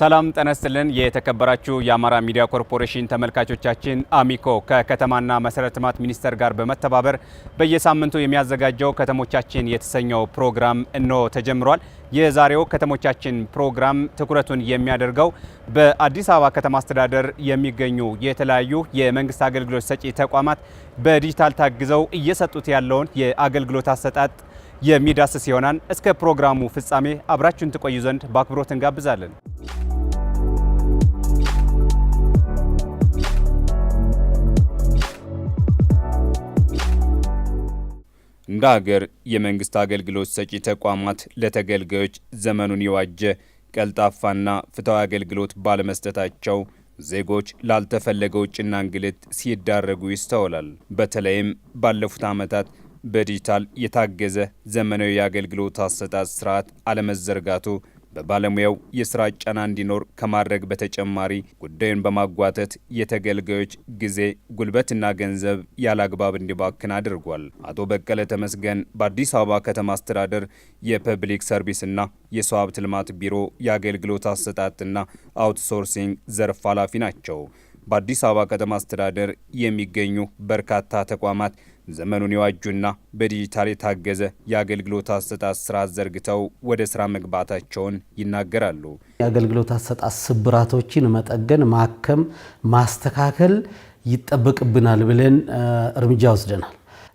ሰላም ጤና ይስጥልን። የተከበራችሁ የአማራ ሚዲያ ኮርፖሬሽን ተመልካቾቻችን አሚኮ ከከተማና መሰረተ ልማት ሚኒስቴር ጋር በመተባበር በየሳምንቱ የሚያዘጋጀው ከተሞቻችን የተሰኘው ፕሮግራም እንሆ ተጀምሯል። የዛሬው ከተሞቻችን ፕሮግራም ትኩረቱን የሚያደርገው በአዲስ አበባ ከተማ አስተዳደር የሚገኙ የተለያዩ የመንግስት አገልግሎት ሰጪ ተቋማት በዲጂታል ታግዘው እየሰጡት ያለውን የአገልግሎት አሰጣጥ የሚዳስስ ይሆናል። እስከ ፕሮግራሙ ፍጻሜ አብራችሁን ትቆዩ ዘንድ በአክብሮት እንጋብዛለን። እንደ ሀገር የመንግስት አገልግሎት ሰጪ ተቋማት ለተገልጋዮች ዘመኑን የዋጀ ቀልጣፋና ፍትሐዊ አገልግሎት ባለመስጠታቸው ዜጎች ላልተፈለገ ውጭና እንግልት ሲዳረጉ ይስተዋላል። በተለይም ባለፉት ዓመታት በዲጂታል የታገዘ ዘመናዊ የአገልግሎት አሰጣጥ ስርዓት አለመዘርጋቱ በባለሙያው የስራ ጫና እንዲኖር ከማድረግ በተጨማሪ ጉዳዩን በማጓተት የተገልጋዮች ጊዜ ጉልበትና ገንዘብ ያለአግባብ እንዲባክን አድርጓል። አቶ በቀለ ተመስገን በአዲስ አበባ ከተማ አስተዳደር የፐብሊክ ሰርቪስና የሰው ሀብት ልማት ቢሮ የአገልግሎት አሰጣጥና አውትሶርሲንግ ዘርፍ ኃላፊ ናቸው። በአዲስ አበባ ከተማ አስተዳደር የሚገኙ በርካታ ተቋማት ዘመኑን የዋጁና በዲጂታል የታገዘ የአገልግሎት አሰጣጥ ስርዓት ዘርግተው ወደ ስራ መግባታቸውን ይናገራሉ። የአገልግሎት አሰጣጥ ስብራቶችን መጠገን፣ ማከም፣ ማስተካከል ይጠበቅብናል ብለን እርምጃ ወስደናል።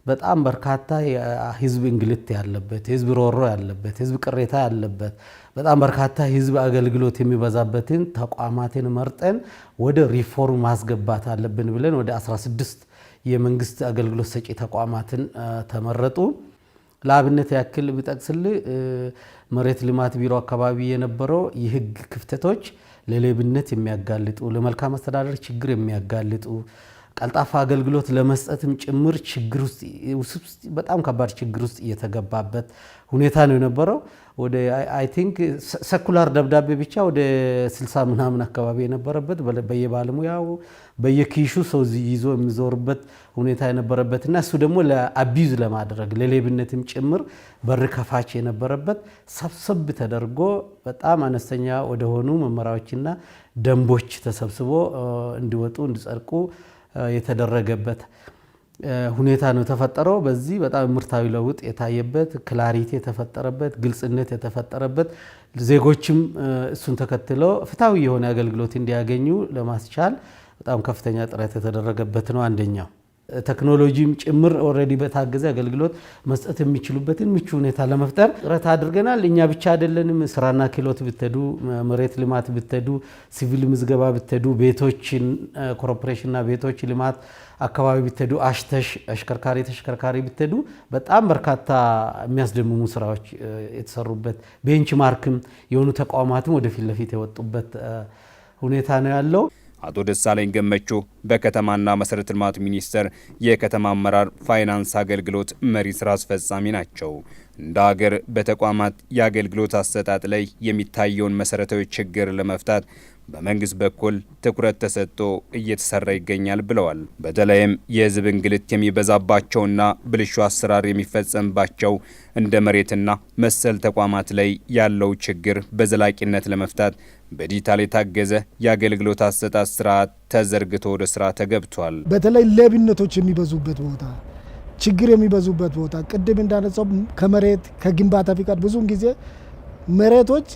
በጣም በርካታ ህዝብ እንግልት ያለበት፣ የህዝብ ሮሮ ያለበት፣ ህዝብ ቅሬታ ያለበት፣ በጣም በርካታ ህዝብ አገልግሎት የሚበዛበትን ተቋማትን መርጠን ወደ ሪፎርም ማስገባት አለብን ብለን ወደ 16 የመንግስት አገልግሎት ሰጪ ተቋማትን ተመረጡ። ለአብነት ያክል ብጠቅስል መሬት ልማት ቢሮ አካባቢ የነበረው የህግ ክፍተቶች ለሌብነት የሚያጋልጡ ለመልካም አስተዳደር ችግር የሚያጋልጡ ቀልጣፋ አገልግሎት ለመስጠትም ጭምር ችግር ውስጥ በጣም ከባድ ችግር ውስጥ እየተገባበት ሁኔታ ነው የነበረው። ወደ አይ ቲንክ ሰኩላር ደብዳቤ ብቻ ወደ 60 ምናምን አካባቢ የነበረበት በየባለሙያው በየኪሹ ሰው ይዞ የሚዞርበት ሁኔታ የነበረበትና እሱ ደግሞ ለአቢዩዝ ለማድረግ ለሌብነትም ጭምር በር ከፋች የነበረበት ሰብሰብ ተደርጎ በጣም አነስተኛ ወደሆኑ መመሪያዎችና ደንቦች ተሰብስቦ እንዲወጡ እንዲጸድቁ የተደረገበት ሁኔታ ነው የተፈጠረው። በዚህ በጣም ምርታዊ ለውጥ የታየበት፣ ክላሪቲ የተፈጠረበት፣ ግልጽነት የተፈጠረበት ዜጎችም እሱን ተከትለው ፍትሐዊ የሆነ አገልግሎት እንዲያገኙ ለማስቻል በጣም ከፍተኛ ጥረት የተደረገበት ነው አንደኛው። ቴክኖሎጂም ጭምር ኦልሬዲ በታገዘ አገልግሎት መስጠት የሚችሉበትን ምቹ ሁኔታ ለመፍጠር ጥረት አድርገናል። እኛ ብቻ አይደለንም። ስራና ክህሎት ብትሄዱ፣ መሬት ልማት ብትሄዱ፣ ሲቪል ምዝገባ ብትሄዱ፣ ቤቶችን ኮርፖሬሽንና ቤቶች ልማት አካባቢ ብትሄዱ፣ አሽተሽ አሽከርካሪ ተሽከርካሪ ብትሄዱ በጣም በርካታ የሚያስደምሙ ስራዎች የተሰሩበት ቤንች ማርክም የሆኑ ተቋማትም ወደፊት ለፊት የወጡበት ሁኔታ ነው ያለው። አቶ ደሳለኝ ገመቹ በከተማና መሰረተ ልማት ሚኒስቴር የከተማ አመራር ፋይናንስ አገልግሎት መሪ ስራ አስፈጻሚ ናቸው። እንደ ሀገር በተቋማት የአገልግሎት አሰጣጥ ላይ የሚታየውን መሰረታዊ ችግር ለመፍታት በመንግስት በኩል ትኩረት ተሰጥቶ እየተሰራ ይገኛል ብለዋል። በተለይም የህዝብ እንግልት የሚበዛባቸውና ብልሹ አሰራር የሚፈጸምባቸው እንደ መሬትና መሰል ተቋማት ላይ ያለው ችግር በዘላቂነት ለመፍታት በዲጂታል የታገዘ የአገልግሎት አሰጣጥ ስርዓት ተዘርግቶ ወደ ስራ ተገብቷል። በተለይ ሌብነቶች የሚበዙበት ቦታ ችግር የሚበዙበት ቦታ ቅድም እንዳነሳው ከመሬት ከግንባታ ፍቃድ ብዙውን ጊዜ መሬቶች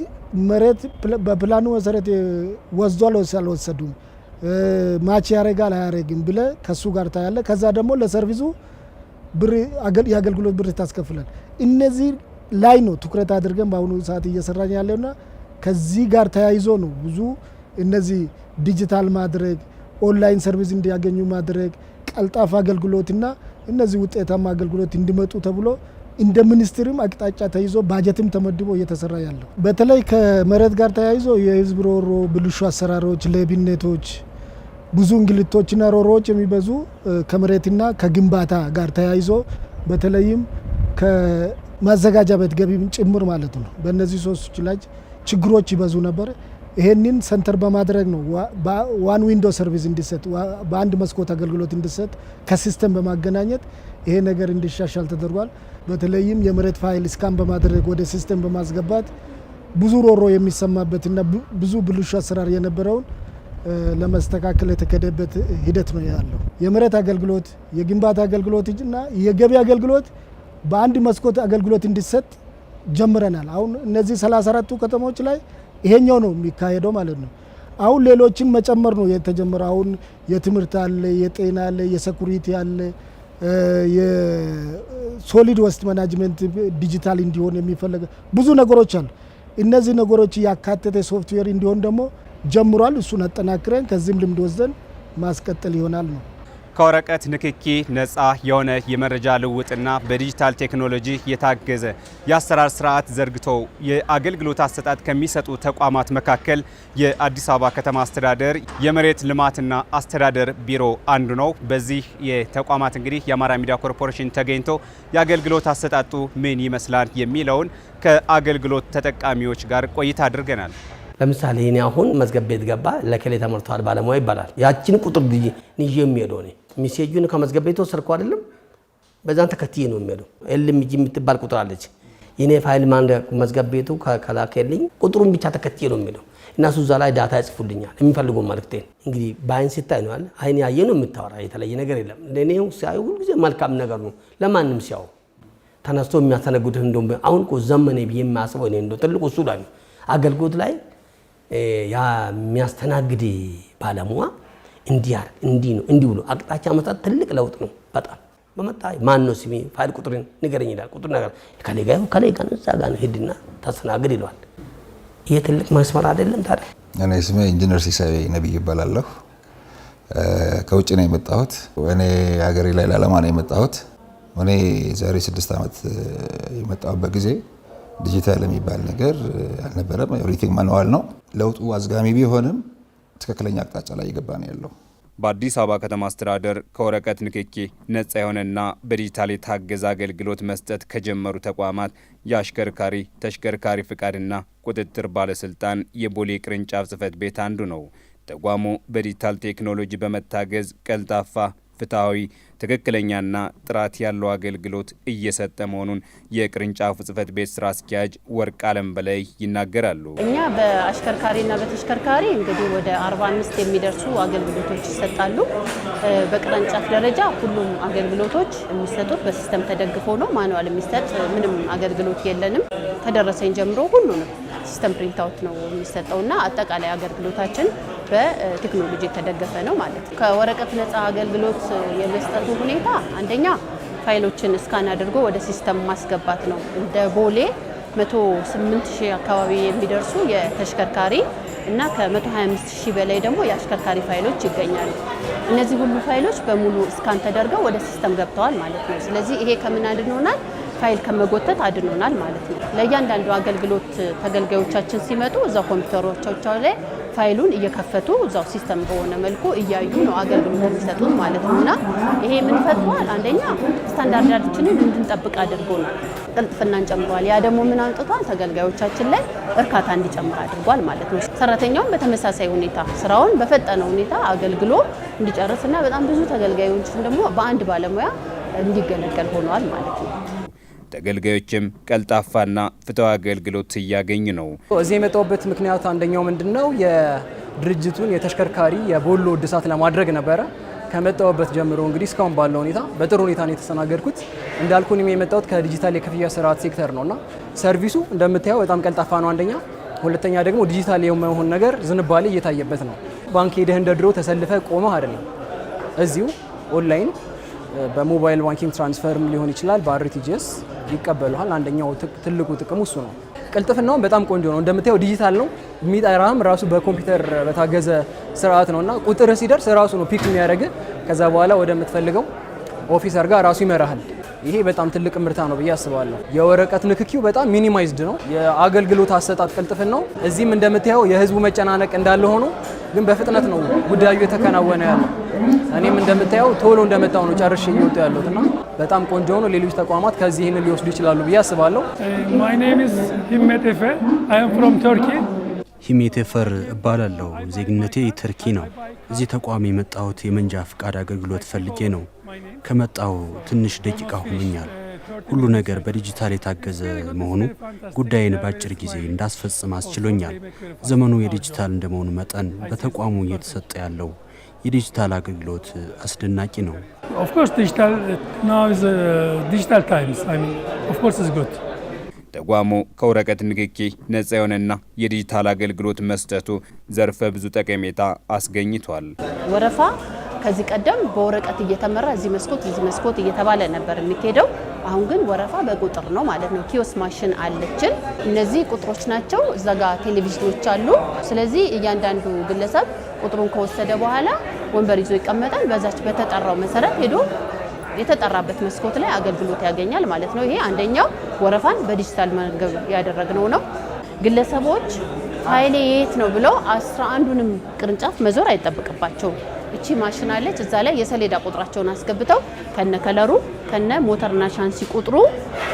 መሬት በፕላኑ መሰረት ወስዷል ወይስ አልወሰዱም፣ ማች ያደርጋል አያደርግም ብለህ ከሱ ጋር ታያለ። ከዛ ደግሞ ለሰርቪሱ የአገልግሎት ብር ታስከፍላል። እነዚህ ላይ ነው ትኩረት አድርገን በአሁኑ ሰዓት እየሰራን ያለውና ከዚህ ጋር ተያይዞ ነው ብዙ እነዚህ ዲጂታል ማድረግ ኦንላይን ሰርቪስ እንዲያገኙ ማድረግ ቀልጣፋ አገልግሎትና እነዚህ ውጤታማ አገልግሎት እንዲመጡ ተብሎ እንደ ሚኒስትርም አቅጣጫ ተይዞ ባጀትም ተመድቦ እየተሰራ ያለው በተለይ ከመሬት ጋር ተያይዞ የህዝብ ሮሮ፣ ብልሹ አሰራሮች፣ ሌብነቶች፣ ብዙ እንግልቶችና ሮሮዎች የሚበዙ ከመሬትና ከግንባታ ጋር ተያይዞ በተለይም ከማዘጋጃ ቤት ገቢም ጭምር ማለት ነው። በእነዚህ ሶስት ችግሮች ይበዙ ነበር። ይሄንን ሰንተር በማድረግ ነው ዋን ዊንዶ ሰርቪስ እንዲሰጥ በአንድ መስኮት አገልግሎት እንዲሰጥ ከሲስተም በማገናኘት ይሄ ነገር እንዲሻሻል ተደርጓል። በተለይም የመሬት ፋይል ስካን በማድረግ ወደ ሲስተም በማስገባት ብዙ ሮሮ የሚሰማበትና ብዙ ብልሹ አሰራር የነበረውን ለመስተካከል የተከደበት ሂደት ነው ያለው። የመሬት አገልግሎት፣ የግንባታ አገልግሎት እና የገቢ አገልግሎት በአንድ መስኮት አገልግሎት እንዲሰጥ ጀምረናል። አሁን እነዚህ 34ቱ ከተሞች ላይ ይሄኛው ነው የሚካሄደው ማለት ነው። አሁን ሌሎችን መጨመር ነው የተጀመረ። አሁን የትምህርት አለ፣ የጤና አለ፣ የሰኩሪቲ አለ፣ የሶሊድ ወስት ማናጅመንት ዲጂታል እንዲሆን የሚፈለገ ብዙ ነገሮች አሉ። እነዚህ ነገሮች ያካተተ ሶፍትዌር እንዲሆን ደግሞ ጀምሯል። እሱን አጠናክረን ከዚህም ልምድ ወስደን ማስቀጠል ይሆናል ነው ከወረቀት ንክኪ ነፃ የሆነ የመረጃ ልውውጥና በዲጂታል ቴክኖሎጂ የታገዘ የአሰራር ስርዓት ዘርግቶ የአገልግሎት አሰጣጥ ከሚሰጡ ተቋማት መካከል የአዲስ አበባ ከተማ አስተዳደር የመሬት ልማትና አስተዳደር ቢሮ አንዱ ነው። በዚህ የተቋማት እንግዲህ የአማራ ሚዲያ ኮርፖሬሽን ተገኝቶ የአገልግሎት አሰጣጡ ምን ይመስላል የሚለውን ከአገልግሎት ተጠቃሚዎች ጋር ቆይታ አድርገናል። ለምሳሌ እኔ አሁን መዝገብ ቤት ገባ ለከሌ ተመርተዋል ባለሙያ ይባላል። ያችን ቁጥር ይዤ የሚሄደው እኔ ሚሴጁን ከመዝገብ የተወሰድኩ አይደለም። በዛን ተከትዬ ነው የሚሄደው። ኤልምጂ የምትባል ቁጥር አለች። የኔ ፋይል ማን መዝገብ ቤቱ ከላከልኝ ቁጥሩን ብቻ ተከትዬ ነው የሚሄደው እና እዛ ላይ ዳታ ያጽፉልኛል የሚፈልገው መልክቴን። እንግዲህ በአይን ሲታይ ነው አለ አይን ያየ ነው የምታወራ፣ የተለየ ነገር የለም። ለእኔ ሲያዩ ሁልጊዜ መልካም ነገር ነው። ለማንም ሲያው ተነስቶ የሚያስተነግዱት እንደውም አሁን እኮ ዘመኔ ብዬ የማያስበው እኔ እንደው ትልቁ እሱ ላይ ነው አገልግሎት ላይ የሚያስተናግድ ባለሙያ እንዲያር እንዲህ ነው እንዲህ ብሎ አቅጣጫ መሳት ትልቅ ለውጥ ነው። በጣም በመጣ ማን ነው ስሜ ፋይል ቁጥርን ንገረኝ ይላል። ቁጥር ነገር ከሌጋ ከሌጋ ነው እዛ ጋር ነው ሂድና ታስተናግድ ይለዋል። ይህ ትልቅ መስመር አይደለም ታዲያ? እኔ ስሜ ኢንጂነር ሲሳይ ነብይ ይባላለሁ። ከውጭ ነው የመጣሁት። እኔ ሀገሬ ላይ ለዓላማ ነው የመጣሁት። እኔ ዛሬ ስድስት ዓመት የመጣሁበት ጊዜ ዲጂታል የሚባል ነገር አልነበረም። ኤቭሪቲንግ ማንዋል ነው። ለውጡ አዝጋሚ ቢሆንም ትክክለኛ አቅጣጫ ላይ እየገባ ነው ያለው። በአዲስ አበባ ከተማ አስተዳደር ከወረቀት ንክኪ ነጻ የሆነና በዲጂታል የታገዘ አገልግሎት መስጠት ከጀመሩ ተቋማት የአሽከርካሪ ተሽከርካሪ ፍቃድና ቁጥጥር ባለስልጣን የቦሌ ቅርንጫፍ ጽህፈት ቤት አንዱ ነው። ተቋሙ በዲጂታል ቴክኖሎጂ በመታገዝ ቀልጣፋ ፍትሐዊ፣ ትክክለኛና ጥራት ያለው አገልግሎት እየሰጠ መሆኑን የቅርንጫፉ ጽህፈት ቤት ስራ አስኪያጅ ወርቅ አለም በላይ ይናገራሉ። እኛ በአሽከርካሪና በተሽከርካሪ እንግዲህ ወደ 45 የሚደርሱ አገልግሎቶች ይሰጣሉ። በቅርንጫፍ ደረጃ ሁሉም አገልግሎቶች የሚሰጡት በሲስተም ተደግፎ ነው። ማንዋል የሚሰጥ ምንም አገልግሎት የለንም። ከደረሰኝ ጀምሮ ሁሉንም ሲስተም አውት ነው የሚሰጠውና አጠቃላይ አገልግሎታችን በቴክኖሎጂ የተደገፈ ነው ማለት ነው። ከወረቀት ነፃ አገልግሎት የመስጠቱ ሁኔታ አንደኛ ፋይሎችን እስካን አድርጎ ወደ ሲስተም ማስገባት ነው። እንደ ቦሌ 108 ሺህ አካባቢ የሚደርሱ የተሽከርካሪ እና ከ125 ሺህ በላይ ደግሞ የአሽከርካሪ ፋይሎች ይገኛሉ። እነዚህ ሁሉ ፋይሎች በሙሉ እስካን ተደርገው ወደ ሲስተም ገብተዋል ማለት ነው። ስለዚህ ይሄ ከምን አድኖናል? ፋይል ከመጎተት አድኖናል ማለት ነው። ለእያንዳንዱ አገልግሎት ተገልጋዮቻችን ሲመጡ እዛው ኮምፒውተሮቻቸው ላይ ፋይሉን እየከፈቱ እዛው ሲስተም በሆነ መልኩ እያዩ ነው አገልግሎት የሚሰጡት ማለት ነው። እና ይሄ ምን ፈጥሯል? አንደኛ ስታንዳርዳችንን እንድንጠብቅ አድርጎናል፣ ቅልጥፍናን ጨምሯል። ያ ደግሞ ምን አንጥቷል? ተገልጋዮቻችን ላይ እርካታ እንዲጨምር አድርጓል ማለት ነው። ሰራተኛውን በተመሳሳይ ሁኔታ ስራውን በፈጠነ ሁኔታ አገልግሎ እንዲጨርስና በጣም ብዙ ተገልጋዮችን ደግሞ በአንድ ባለሙያ እንዲገለገል ሆኗል ማለት ነው። ተገልጋዮችም ቀልጣፋና ፍትሐዊ አገልግሎት እያገኙ ነው። እዚህ የመጣሁበት ምክንያት አንደኛው ምንድን ነው የድርጅቱን የተሽከርካሪ የቦሎ እድሳት ለማድረግ ነበረ። ከመጣሁበት ጀምሮ እንግዲህ እስካሁን ባለው ሁኔታ በጥሩ ሁኔታ ነው የተስተናገድኩት። እንዳልኩን የመጣሁት ከዲጂታል የክፍያ ስርዓት ሴክተር እና ሰርቪሱ እንደምታየው በጣም ቀልጣፋ ነው አንደኛ። ሁለተኛ ደግሞ ዲጂታል የመሆን ነገር ዝንባሌ እየታየበት ነው። ባንክ ሄደህ እንደ ድሮ ተሰልፈ ቆመህ አይደለም። እዚሁ ኦንላይን በሞባይል ባንኪንግ ትራንስፈርም ሊሆን ይችላል በአርቲጂኤስ ይቀበሉሃል። አንደኛው ትልቁ ጥቅሙ እሱ ነው። ቅልጥፍናውም በጣም ቆንጆ ነው። እንደምታየው ዲጂታል ነው። የሚጠራህም ራሱ በኮምፒውተር በታገዘ ስርዓት ነው እና ቁጥር ሲደርስ ራሱ ነው ፒክ የሚያደርግህ። ከዛ በኋላ ወደ ምትፈልገው ኦፊሰር ጋር ራሱ ይመራሃል። ይሄ በጣም ትልቅ ምርታ ነው ብዬ አስባለሁ። የወረቀት ንክኪው በጣም ሚኒማይዝድ ነው። የአገልግሎት አሰጣጥ ቅልጥፍናው እዚህም እንደምታየው የህዝቡ መጨናነቅ እንዳለ ሆኖ ግን በፍጥነት ነው ጉዳዩ የተከናወነ ያለው። እኔም እንደምታየው ቶሎ እንደመጣው ነው ጨርሼ እየወጡ ያለሁት እና በጣም ቆንጆ ነው። ሌሎች ተቋማት ከዚህ ይህንን ሊወስዱ ይችላሉ ብዬ አስባለሁ። ማይ ኔም ኢዝ ሂሜት አይ አም ፍሮም ቱርኪ። ሂሜቴፈር እባላለሁ። ዜግነቴ ትርኪ ነው። እዚህ ተቋም የመጣሁት የመንጃ ፍቃድ አገልግሎት ፈልጌ ነው። ከመጣሁ ትንሽ ደቂቃ ሆኖኛል። ሁሉ ነገር በዲጂታል የታገዘ መሆኑ ጉዳይን በአጭር ጊዜ እንዳስፈጽም አስችሎኛል። ዘመኑ የዲጂታል እንደመሆኑ መጠን በተቋሙ እየተሰጠ ያለው የዲጂታል አገልግሎት አስደናቂ ነው። ተቋሙ ከወረቀት ንክኪ ነጻ የሆነና የዲጂታል አገልግሎት መስጠቱ ዘርፈ ብዙ ጠቀሜታ አስገኝቷል። ወረፋ ከዚህ ቀደም በወረቀት እየተመራ እዚህ መስኮት እዚህ መስኮት እየተባለ ነበር የሚካሄደው። አሁን ግን ወረፋ በቁጥር ነው ማለት ነው። ኪዮስ ማሽን አለችን። እነዚህ ቁጥሮች ናቸው። እዛ ጋር ቴሌቪዥኖች አሉ። ስለዚህ እያንዳንዱ ግለሰብ ቁጥሩን ከወሰደ በኋላ ወንበር ይዞ ይቀመጣል። በዛች በተጠራው መሰረት ሄዶ የተጠራበት መስኮት ላይ አገልግሎት ያገኛል ማለት ነው። ይሄ አንደኛው ወረፋን በዲጂታል መንገድ ያደረግነው ነው። ግለሰቦች ፋይሌ የት ነው ብለው አስራ አንዱንም ቅርንጫፍ መዞር አይጠበቅባቸውም። እቺ ማሽን አለች። እዛ ላይ የሰሌዳ ቁጥራቸውን አስገብተው ከነከለሩ ከነ ሞተርና ሻንሲ ቁጥሩ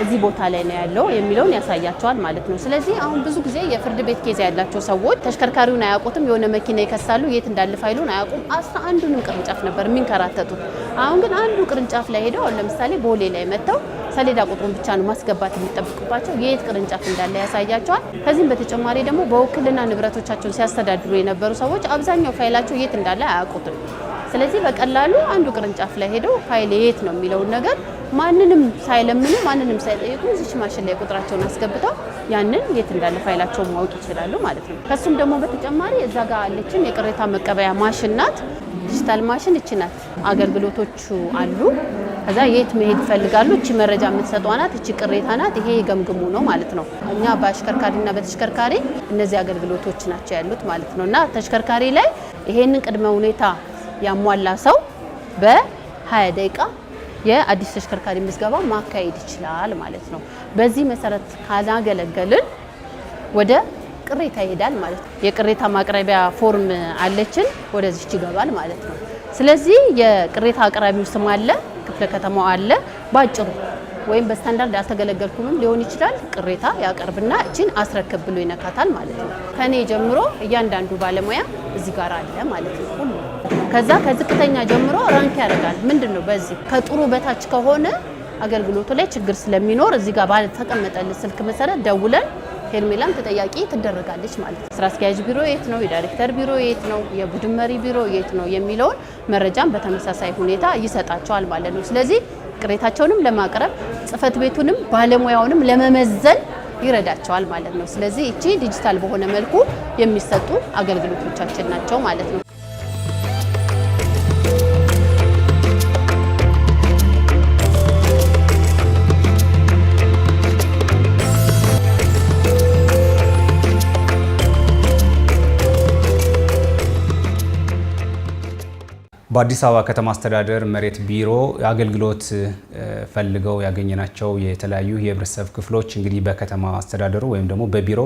እዚህ ቦታ ላይ ነው ያለው የሚለውን ያሳያቸዋል ማለት ነው። ስለዚህ አሁን ብዙ ጊዜ የፍርድ ቤት ኬዝ ያላቸው ሰዎች ተሽከርካሪውን አያውቁትም። የሆነ መኪና ይከሳሉ፣ የት እንዳለ ፋይሉን አያውቁም። አስራ አንዱንም ቅርንጫፍ ነበር የሚንከራተቱት። አሁን ግን አንዱ ቅርንጫፍ ላይ ሄደው አሁን ለምሳሌ ቦሌ ላይ መጥተው ሰሌዳ ቁጥሩን ብቻ ነው ማስገባት የሚጠብቅባቸው፣ የት ቅርንጫፍ እንዳለ ያሳያቸዋል። ከዚህም በተጨማሪ ደግሞ በውክልና ንብረቶቻቸውን ሲያስተዳድሩ የነበሩ ሰዎች አብዛኛው ፋይላቸው የት እንዳለ አያውቁትም። ስለዚህ በቀላሉ አንዱ ቅርንጫፍ ላይ ሄደው ፋይል የት ነው የሚለውን ነገር ማንንም ሳይለምኑ ማንንም ሳይጠይቁ እዚች ማሽን ላይ ቁጥራቸውን አስገብተው ያንን የት እንዳለ ፋይላቸው ማወቅ ይችላሉ ማለት ነው። ከሱም ደግሞ በተጨማሪ እዛ ጋር አለችን የቅሬታ መቀበያ ማሽን ናት። ዲጂታል ማሽን እች ናት። አገልግሎቶቹ አሉ። ከዛ የት መሄድ ይፈልጋሉ፣ እቺ መረጃ የምትሰጧ ናት፣ እቺ ቅሬታ ናት፣ ይሄ የገምግሙ ነው ማለት ነው። እኛ በአሽከርካሪና በተሽከርካሪ እነዚህ አገልግሎቶች ናቸው ያሉት ማለት ነው። እና ተሽከርካሪ ላይ ይሄንን ቅድመ ሁኔታ ያሟላ ሰው በ20 ደቂቃ የአዲስ ተሽከርካሪ ምዝገባ ማካሄድ ይችላል ማለት ነው። በዚህ መሰረት ካላገለገልን ወደ ቅሬታ ይሄዳል ማለት ነው። የቅሬታ ማቅረቢያ ፎርም አለችን፣ ወደዚች ይገባል ማለት ነው። ስለዚህ የቅሬታ አቅራቢው ስም አለ፣ ክፍለ ከተማው አለ። ባጭሩ ወይም በስታንዳርድ አልተገለገልኩምም ሊሆን ይችላል። ቅሬታ ያቀርብና እችን አስረክብ ብሎ ይነካታል ማለት ነው። ከኔ ጀምሮ እያንዳንዱ ባለሙያ እዚህ ጋር አለ ማለት ነው ሁሉ ከዛ ከዝቅተኛ ጀምሮ ራንክ ያደርጋል። ምንድን ነው በዚህ ከጥሩ በታች ከሆነ አገልግሎቱ ላይ ችግር ስለሚኖር እዚህ ጋር ባልተቀመጠልን ስልክ መሰረት ደውለን ሄርሜላም ተጠያቂ ትደረጋለች ማለት ነው። ስራ አስኪያጅ ቢሮ የት ነው፣ የዳይሬክተር ቢሮ የት ነው፣ የቡድን መሪ ቢሮ የት ነው የሚለውን መረጃም በተመሳሳይ ሁኔታ ይሰጣቸዋል ማለት ነው። ስለዚህ ቅሬታቸውንም ለማቅረብ ጽህፈት ቤቱንም ባለሙያውንም ለመመዘን ይረዳቸዋል ማለት ነው። ስለዚህ እቺ ዲጂታል በሆነ መልኩ የሚሰጡ አገልግሎቶቻችን ናቸው ማለት ነው። በአዲስ አበባ ከተማ አስተዳደር መሬት ቢሮ አገልግሎት ፈልገው ያገኘናቸው የተለያዩ የህብረተሰብ ክፍሎች እንግዲህ በከተማ አስተዳደሩ ወይም ደግሞ በቢሮ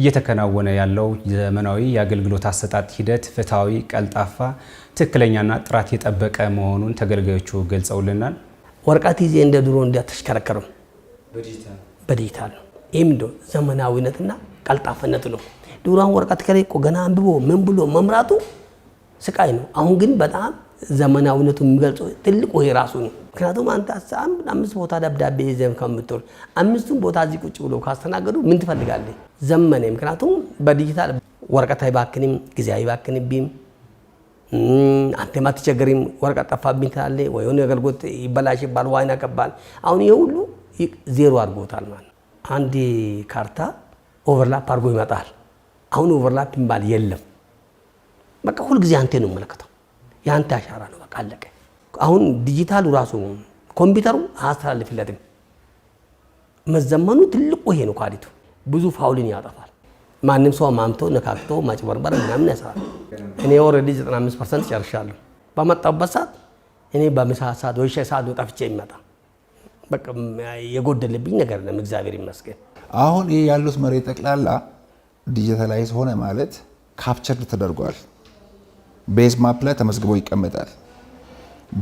እየተከናወነ ያለው ዘመናዊ የአገልግሎት አሰጣጥ ሂደት ፍትሐዊ፣ ቀልጣፋ፣ ትክክለኛና ጥራት የጠበቀ መሆኑን ተገልጋዮቹ ገልጸውልናል። ወረቀት ይዜ እንደ ድሮ እንዲያተሽከረከርም በዲጂታል ነው። ይህም እንደው ዘመናዊነትና ቀልጣፈነት ነው። ድሮን ወረቀት ከላይ ገና አንብቦ ምን ብሎ መምራቱ ስቃይ ነው። አሁን ግን በጣም ዘመናዊነቱ የሚገልጹ ትልቁ ይሄ ራሱ ነው። ምክንያቱም አንተ አምስት ቦታ ደብዳቤ ይዘህ ከምትወር አምስቱን ቦታ እዚህ ቁጭ ብሎ ካስተናገዱ ምን ትፈልጋለህ? ዘመነ። ምክንያቱም በዲጂታል ወረቀት አይባክንም፣ ጊዜ አይባክንብም። አንተም አትቸገሪም። ወረቀት ጠፋብኝ ትላለህ፣ ወይ የሆነ አገልግሎት ይባል ዋይና ቀባል። አሁን ይሄ ሁሉ ዜሮ አድርጎታል ማለት አንድ ካርታ ኦቨርላፕ አድርጎ ይመጣል። አሁን ኦቨርላፕ የሚባል የለም። በቃ ሁልጊዜ አንተ ነው የምመለከተው ያንተ አሻራ ነው። በቃ አለቀ። አሁን ዲጂታሉ ራሱ ኮምፒውተሩ አያስተላልፍለትም። መዘመኑ ትልቁ ይሄ ነው። ካዲቱ ብዙ ፋውልን ያጠፋል። ማንም ሰው ማምቶ ነካክቶ ማጭበርበር ምናምን ያሰራል። እኔ ኦልሬዲ 95 ፐርሰንት ጨርሻለሁ። በመጣሁበት ሰዓት እኔ በምሳ ሰዓት ወይ ሻይ ሰዓት ወጣፍቼ የሚመጣ በቃ የጎደለብኝ ነገር ነው። እግዚአብሔር ይመስገን። አሁን ይህ ያሉት መሬት ጠቅላላ ዲጂታላይዝ ሆነ ማለት ካፕቸርድ ተደርጓል። ቤዝ ማፕ ላይ ተመዝግቦ ይቀመጣል።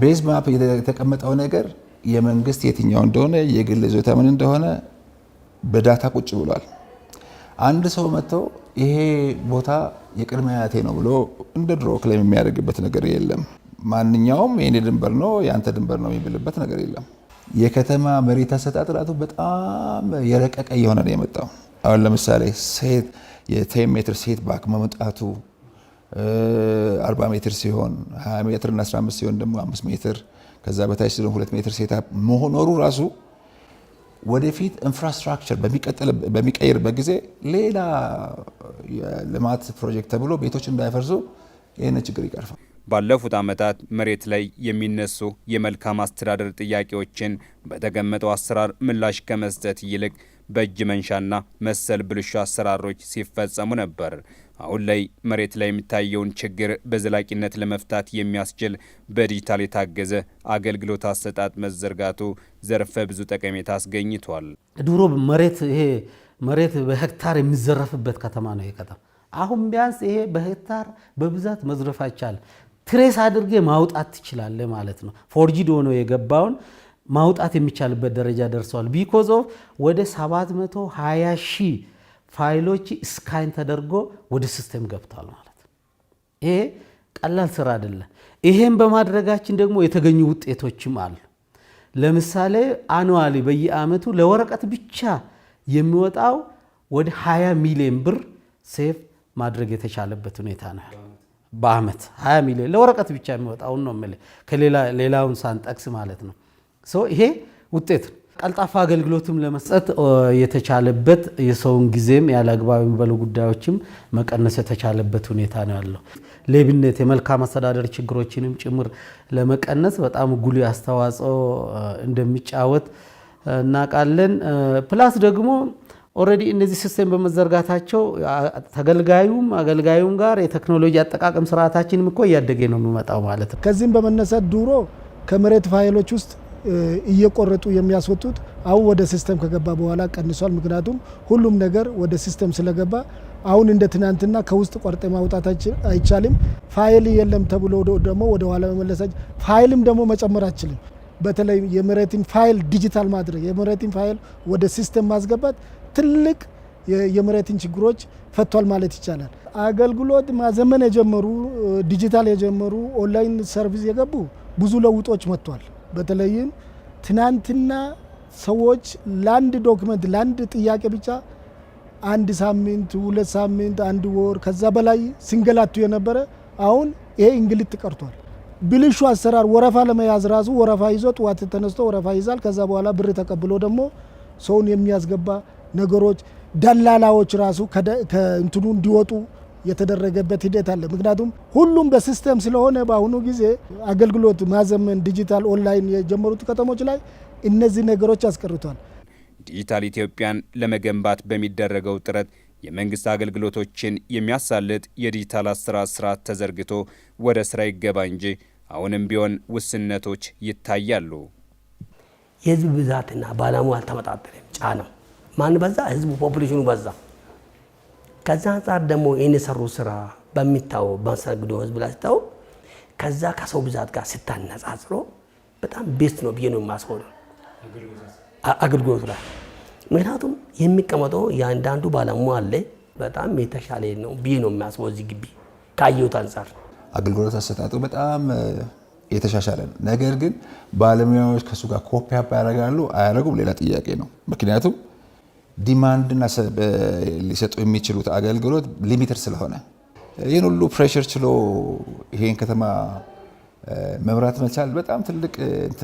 ቤዝ ማፕ የተቀመጠው ነገር የመንግስት የትኛው እንደሆነ የግል ይዞታ ምን እንደሆነ በዳታ ቁጭ ብሏል። አንድ ሰው መጥቶ ይሄ ቦታ የቅድመ አያቴ ነው ብሎ እንደ ድሮ ክሌም የሚያደርግበት ነገር የለም። ማንኛውም የኔ ድንበር ነው የአንተ ድንበር ነው የሚብልበት ነገር የለም። የከተማ መሬት አሰጣጥ በጣም የረቀቀ እየሆነ ነው የመጣው። አሁን ለምሳሌ ሴት የቴን ሜትር ሴት ባክ መምጣቱ 40 ሜትር ሲሆን 20 ሜትር እና 15 ሲሆን ደግሞ 5 ሜትር ከዛ በታች ሲሆን 2 ሜትር ሴታ መኖሩ ራሱ ወደፊት ኢንፍራስትራክቸር በሚቀይርበት ጊዜ ሌላ የልማት ፕሮጀክት ተብሎ ቤቶች እንዳይፈርሱ ይህንን ችግር ይቀርፋል። ባለፉት ዓመታት መሬት ላይ የሚነሱ የመልካም አስተዳደር ጥያቄዎችን በተገመጠው አሰራር ምላሽ ከመስጠት ይልቅ በእጅ መንሻና መሰል ብልሹ አሰራሮች ሲፈጸሙ ነበር። አሁን ላይ መሬት ላይ የሚታየውን ችግር በዘላቂነት ለመፍታት የሚያስችል በዲጂታል የታገዘ አገልግሎት አሰጣጥ መዘርጋቱ ዘርፈ ብዙ ጠቀሜታ አስገኝቷል። ድሮ መሬት ይሄ መሬት በሄክታር የሚዘረፍበት ከተማ ነው ይሄ አሁን ቢያንስ ይሄ በሄክታር በብዛት መዝረፍ አይቻል። ትሬስ አድርጌ ማውጣት ትችላለ ማለት ነው። ፎርጂድ ሆኖ የገባውን ማውጣት የሚቻልበት ደረጃ ደርሰዋል። ቢኮዝ ኦፍ ወደ 720 ሺህ ፋይሎች ስካይን ተደርጎ ወደ ሲስተም ገብቷል ማለት ነው። ይሄ ቀላል ስራ አይደለም። ይሄን በማድረጋችን ደግሞ የተገኙ ውጤቶችም አሉ። ለምሳሌ አኑዋሊ በየአመቱ ለወረቀት ብቻ የሚወጣው ወደ 20 ሚሊዮን ብር ሴፍ ማድረግ የተቻለበት ሁኔታ ነው። በአመት 20 ሚሊዮን ለወረቀት ብቻ የሚወጣውን ነው ከሌላውን ሳንጠቅስ ማለት ነው። ይሄ ውጤት ነው። ቀልጣፋ አገልግሎትም ለመስጠት የተቻለበት የሰውን ጊዜም ያለ አግባብ የሚበሉ ጉዳዮችም መቀነስ የተቻለበት ሁኔታ ነው ያለው። ሌብነት፣ የመልካም አስተዳደር ችግሮችንም ጭምር ለመቀነስ በጣም ጉልህ አስተዋጽኦ እንደሚጫወት እናውቃለን። ፕላስ ደግሞ ኦልሬዲ እነዚህ ሲስተም በመዘርጋታቸው ተገልጋዩም አገልጋዩም ጋር የቴክኖሎጂ አጠቃቀም ስርዓታችንም እኮ እያደገ ነው የሚመጣው ማለት ነው። ከዚህም በመነሳት ዱሮ ከመሬት ፋይሎች ውስጥ እየቆረጡ የሚያስወጡት አሁን ወደ ሲስተም ከገባ በኋላ ቀንሷል። ምክንያቱም ሁሉም ነገር ወደ ሲስተም ስለገባ አሁን እንደ ትናንትና ከውስጥ ቆርጠ ማውጣት አይቻልም። ፋይል የለም ተብሎ ደግሞ ወደ ኋላ መመለሳች ፋይልም ደግሞ መጨመር አችልም። በተለይ የመሬትን ፋይል ዲጂታል ማድረግ የመሬትን ፋይል ወደ ሲስተም ማስገባት ትልቅ የመሬትን ችግሮች ፈቷል ማለት ይቻላል። አገልግሎት ማዘመን የጀመሩ ዲጂታል የጀመሩ ኦንላይን ሰርቪስ የገቡ ብዙ ለውጦች መጥቷል። በተለይም ትናንትና ሰዎች ለአንድ ዶክመንት ለአንድ ጥያቄ ብቻ አንድ ሳምንት፣ ሁለት ሳምንት፣ አንድ ወር ከዛ በላይ ሲንገላቱ የነበረ አሁን ይሄ እንግልት ቀርቷል። ብልሹ አሰራር ወረፋ ለመያዝ ራሱ ወረፋ ይዞ ጠዋት ተነስቶ ወረፋ ይዛል። ከዛ በኋላ ብር ተቀብሎ ደግሞ ሰውን የሚያስገባ ነገሮች ደላላዎች ራሱ ከእንትኑ እንዲወጡ የተደረገበት ሂደት አለ። ምክንያቱም ሁሉም በሲስተም ስለሆነ በአሁኑ ጊዜ አገልግሎት ማዘመን ዲጂታል ኦንላይን የጀመሩት ከተሞች ላይ እነዚህ ነገሮች አስቀርቷል። ዲጂታል ኢትዮጵያን ለመገንባት በሚደረገው ጥረት የመንግስት አገልግሎቶችን የሚያሳልጥ የዲጂታል አሰራር ስርዓት ተዘርግቶ ወደ ስራ ይገባ እንጂ አሁንም ቢሆን ውስነቶች ይታያሉ። የህዝብ ብዛትና ባለሙያ ጫ ነው። ማን በዛ? ህዝቡ ፖፑሌሽኑ በዛ። ከዛ አንጻር ደግሞ ይህን የሰሩ ስራ በሚታወ በሰግዶ ህዝብ ላይ ሲታወቅ ከዛ ከሰው ብዛት ጋር ስታነጻጽሮ በጣም ቤስት ነው ብዬ ነው የማስሆነ ነው አገልግሎቱ ላይ ምክንያቱም የሚቀመጠው የአንዳንዱ ባለሙያ አለ በጣም የተሻለ ነው ብዬ ነው የሚያስበው። እዚህ ግቢ ካየሁት አንጻር አገልግሎት አሰጣጡ በጣም የተሻሻለ ነው። ነገር ግን ባለሙያዎች ከእሱ ጋር ኮፒ ያደርጋሉ አያደርጉም፣ ሌላ ጥያቄ ነው። ምክንያቱም ዲማንድና ሊሰጡ የሚችሉት አገልግሎት ሊሚትድ ስለሆነ ይህን ሁሉ ፕሬሽር ችሎ ይሄን ከተማ መምራት መቻል በጣም ትልቅ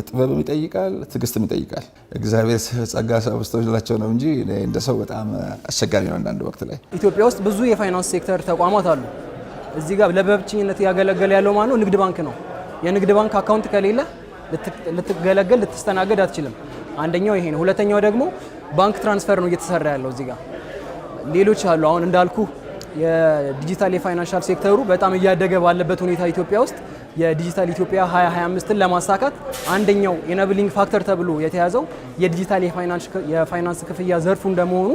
ጥበብም ይጠይቃል፣ ትዕግስትም ይጠይቃል። እግዚአብሔር ጸጋ ሰብስቶላቸው ነው እንጂ እንደ ሰው በጣም አስቸጋሪ ነው። አንዳንድ ወቅት ላይ ኢትዮጵያ ውስጥ ብዙ የፋይናንስ ሴክተር ተቋማት አሉ። እዚህ ጋር ለበብቸኝነት እያገለገለ ያለው ማነው? ንግድ ባንክ ነው። የንግድ ባንክ አካውንት ከሌለ ልትገለገል ልትስተናገድ አትችልም። አንደኛው ይሄ ነው። ሁለተኛው ደግሞ ባንክ ትራንስፈር ነው እየተሰራ ያለው እዚህ ጋር። ሌሎች አሉ። አሁን እንዳልኩ የዲጂታል የፋይናንሻል ሴክተሩ በጣም እያደገ ባለበት ሁኔታ ኢትዮጵያ ውስጥ የዲጂታል ኢትዮጵያ 2025ን ለማሳካት አንደኛው ኢነብሊንግ ፋክተር ተብሎ የተያዘው የዲጂታል የፋይናንስ ክፍያ ዘርፉ እንደመሆኑ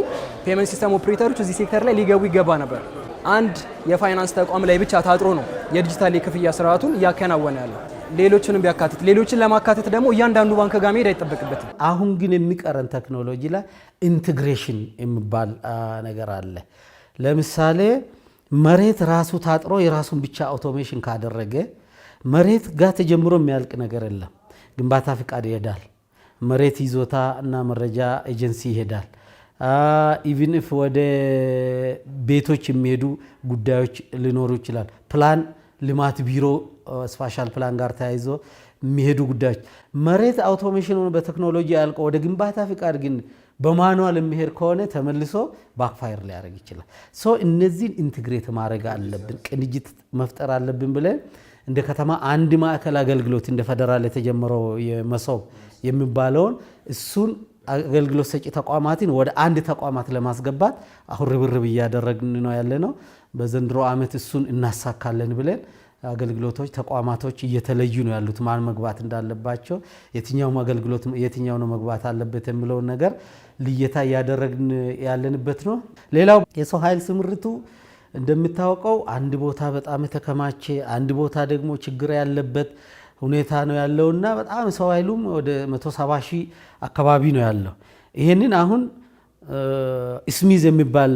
ፔመንት ሲስተም ኦፕሬተሮች እዚህ ሴክተር ላይ ሊገቡ ይገባ ነበር። አንድ የፋይናንስ ተቋም ላይ ብቻ ታጥሮ ነው የዲጂታል የክፍያ ስርዓቱን እያከናወነ ያለው። ሌሎችንም ቢያካትት ሌሎችን ለማካተት ደግሞ እያንዳንዱ ባንክ ጋር መሄድ አይጠበቅበትም። አሁን ግን የሚቀረን ቴክኖሎጂ ላይ ኢንትግሬሽን የሚባል ነገር አለ። ለምሳሌ መሬት ራሱ ታጥሮ የራሱን ብቻ አውቶሜሽን ካደረገ መሬት ጋር ተጀምሮ የሚያልቅ ነገር የለም። ግንባታ ፍቃድ ይሄዳል። መሬት ይዞታ እና መረጃ ኤጀንሲ ይሄዳል። ኢቭን ኢፍ ወደ ቤቶች የሚሄዱ ጉዳዮች ሊኖሩ ይችላል። ፕላን ልማት ቢሮ ስፓሻል ፕላን ጋር ተያይዞ የሚሄዱ ጉዳዮች መሬት አውቶሜሽን በቴክኖሎጂ ያልቆ ወደ ግንባታ ፍቃድ ግን በማኑዋል የሚሄድ ከሆነ ተመልሶ ባክፋየር ሊያደርግ ይችላል። ሶ እነዚህን ኢንትግሬት ማድረግ አለብን፣ ቅንጅት መፍጠር አለብን ብለን እንደ ከተማ አንድ ማዕከል አገልግሎት እንደ ፌደራል የተጀመረው የመሶብ የሚባለውን እሱን አገልግሎት ሰጪ ተቋማትን ወደ አንድ ተቋማት ለማስገባት አሁን ርብርብ እያደረግን ነው ያለ ነው። በዘንድሮ ዓመት እሱን እናሳካለን ብለን አገልግሎቶች ተቋማቶች እየተለዩ ነው ያሉት። ማን መግባት እንዳለባቸው የትኛውም አገልግሎት የትኛው ነው መግባት አለበት የሚለውን ነገር ልየታ እያደረግን ያለንበት ነው። ሌላው የሰው ኃይል ስምርቱ እንደምታወቀው አንድ ቦታ በጣም የተከማቸ አንድ ቦታ ደግሞ ችግር ያለበት ሁኔታ ነው ያለውና በጣም ሰው ኃይሉም ወደ 170 ሺህ አካባቢ ነው ያለው። ይህንን አሁን ስሚዝ የሚባል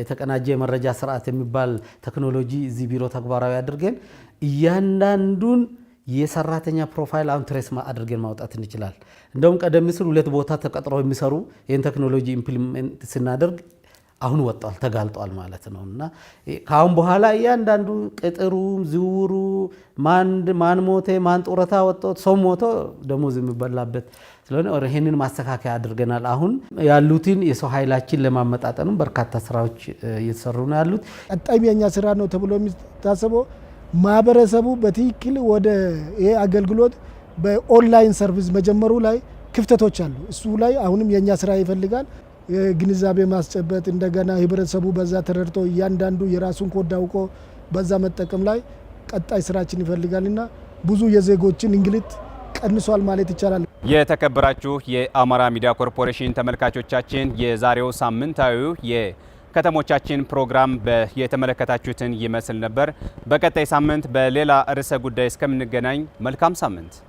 የተቀናጀ የመረጃ ስርዓት የሚባል ቴክኖሎጂ እዚህ ቢሮ ተግባራዊ አድርገን እያንዳንዱን የሰራተኛ ፕሮፋይል አሁን ትሬስ አድርገን ማውጣት እንችላል። እንደውም ቀደም ሲል ሁለት ቦታ ተቀጥረው የሚሰሩ ይህን ቴክኖሎጂ ኢምፕሊመንት ስናደርግ አሁን ወጧል፣ ተጋልጧል ማለት ነው። እና ከአሁን በኋላ እያንዳንዱ ቅጥሩ፣ ዝውሩ፣ ማን ሞቴ፣ ማን ጡረታ ወጥቶ ሰው ሞቶ ደሞዝ የሚበላበት ስለሆነ ይህንን ማስተካከያ አድርገናል። አሁን ያሉትን የሰው ኃይላችን ለማመጣጠኑ በርካታ ስራዎች እየተሰሩ ነው ያሉት። ቀጣይ የኛ ስራ ነው ተብሎ የሚታሰበው ማህበረሰቡ በትክክል ወደ ይህ አገልግሎት በኦንላይን ሰርቪስ መጀመሩ ላይ ክፍተቶች አሉ። እሱ ላይ አሁንም የእኛ ስራ ይፈልጋል ግንዛቤ ማስጨበጥ እንደገና ህብረተሰቡ በዛ ተረድቶ እያንዳንዱ የራሱን ኮድ አውቆ በዛ መጠቀም ላይ ቀጣይ ስራችን ይፈልጋልና ብዙ የዜጎችን እንግልት ቀንሷል ማለት ይቻላል። የተከበራችሁ የአማራ ሚዲያ ኮርፖሬሽን ተመልካቾቻችን የዛሬው ሳምንታዊው የከተሞቻችን ፕሮግራም የተመለከታችሁትን ይመስል ነበር። በቀጣይ ሳምንት በሌላ ርዕሰ ጉዳይ እስከምንገናኝ መልካም ሳምንት